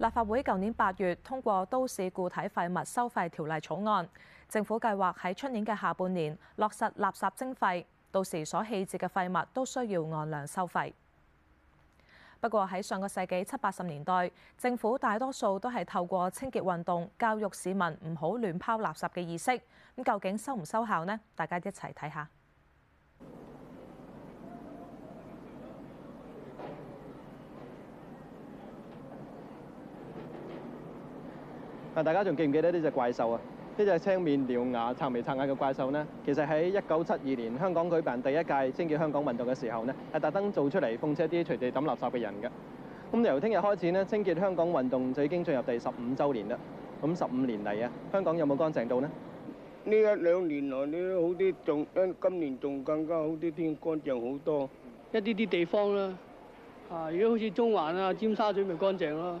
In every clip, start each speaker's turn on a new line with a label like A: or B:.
A: 立法會舊年八月通過《都市固體廢物收費條例草案》，政府計劃喺出年嘅下半年落實垃圾徵費，到時所棄置嘅廢物都需要按量收費。不過喺上個世紀七八十年代，政府大多數都係透過清潔運動教育市民唔好亂拋垃圾嘅意識。咁究竟收唔收效呢？大家一齊睇下。嗱，大家仲記唔記得呢隻怪獸啊？呢隻青面獠牙、插眉插眼嘅怪獸呢？其實喺一九七二年香港舉辦第一屆清潔香港運動嘅時候呢，係特登做出嚟諷刺啲隨地抌垃圾嘅人嘅。咁由聽日開始呢，清潔香港運動就已經進入第十五週年啦。咁十五年嚟啊，香港有冇乾淨到呢？呢一兩年來呢，好啲，仲今年仲更加好啲添，乾淨好多，一啲啲地方啦。啊，而家好似中環啊、尖沙咀咪乾淨咯。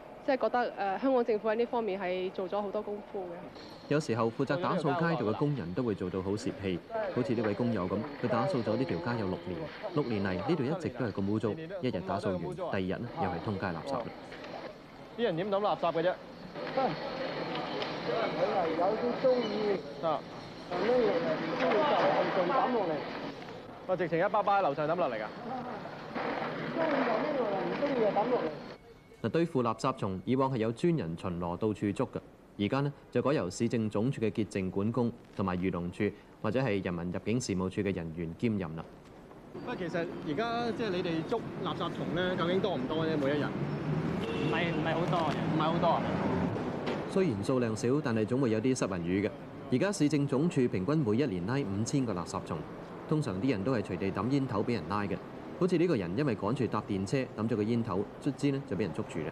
A: 即係覺得誒，香港政府喺呢方面係做咗好多功夫嘅。有時候負責打掃街道嘅工人都會做到好泄氣，好似呢位工友咁，佢打掃咗呢條街有六年，六年嚟呢度一直都係咁污糟，一日打掃完，第二日咧又係通街垃圾。啲人點抌垃圾嘅啫？有啲中意，唔中意就唔中意就抌落嚟。我直情一包包喺樓上抌落嚟㗎。中意就抌落嚟，唔中意就抌落嚟。嗱，對付垃圾蟲，以往係有專人巡邏到處捉㗎，而家呢，就改由市政總署嘅潔淨管工同埋漁農處或者係人民入境事務處嘅人員兼任啦。不過其實而家即係你哋捉垃圾蟲呢，究竟多唔多呢？每一日唔係唔係好多，唔係好多。雖然數量少，但係總會有啲失魂魚嘅。而家市政總署平均每一年拉五千個垃圾蟲，通常啲人都係隨地抌煙頭俾人拉嘅。好似呢個人因為趕住搭電車，揼咗個煙頭，卒之呢就俾人捉住啦。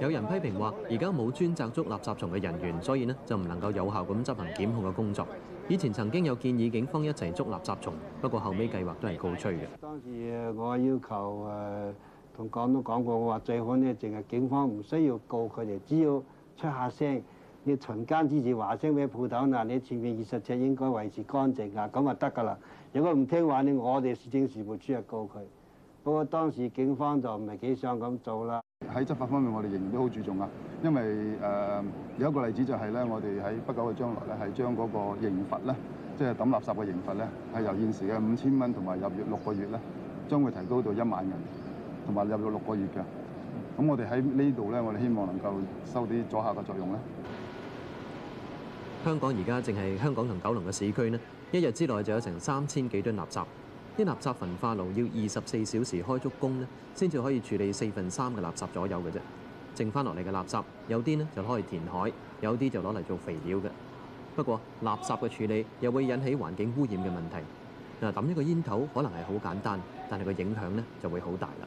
A: 有人批評話：而家冇專責捉垃圾蟲嘅人員，所以呢就唔能夠有效咁執行檢控嘅工作。以前曾經有建議警方一齊捉垃圾蟲，不過後尾計劃都係告吹嘅。當時我要求誒同港都講過，我話最好呢，淨係警方唔需要告佢哋，只要出下聲。你巡更之時話聲俾鋪頭嗱，你前面二十尺應該維持乾淨啊，咁啊得㗎啦。如果唔聽話咧，我哋市政事務處啊告佢。不過當時警方就唔係幾想咁做啦。喺執法方面，我哋仍然都好注重啊，因為誒、呃、有一個例子就係、是、咧，我哋喺不久嘅將來咧，係將嗰個刑罰咧，即係抌垃圾嘅刑罰咧，係由現時嘅五千蚊同埋入獄六個月咧，將會提高到一萬蚊同埋入獄六個月嘅。咁我哋喺呢度咧，我哋希望能夠收啲阻嚇嘅作用咧。香港而家淨係香港同九龍嘅市區咧，一日之內就有成三千幾噸垃圾。啲垃圾焚化爐要二十四小時開足工咧，先至可以處理四分三嘅垃圾左右嘅啫。剩翻落嚟嘅垃圾，有啲呢就攞嚟填海，有啲就攞嚟做肥料嘅。不過，垃圾嘅處理又會引起環境污染嘅問題。嗱，抌一個煙頭可能係好簡單，但係個影響呢就會好大啦。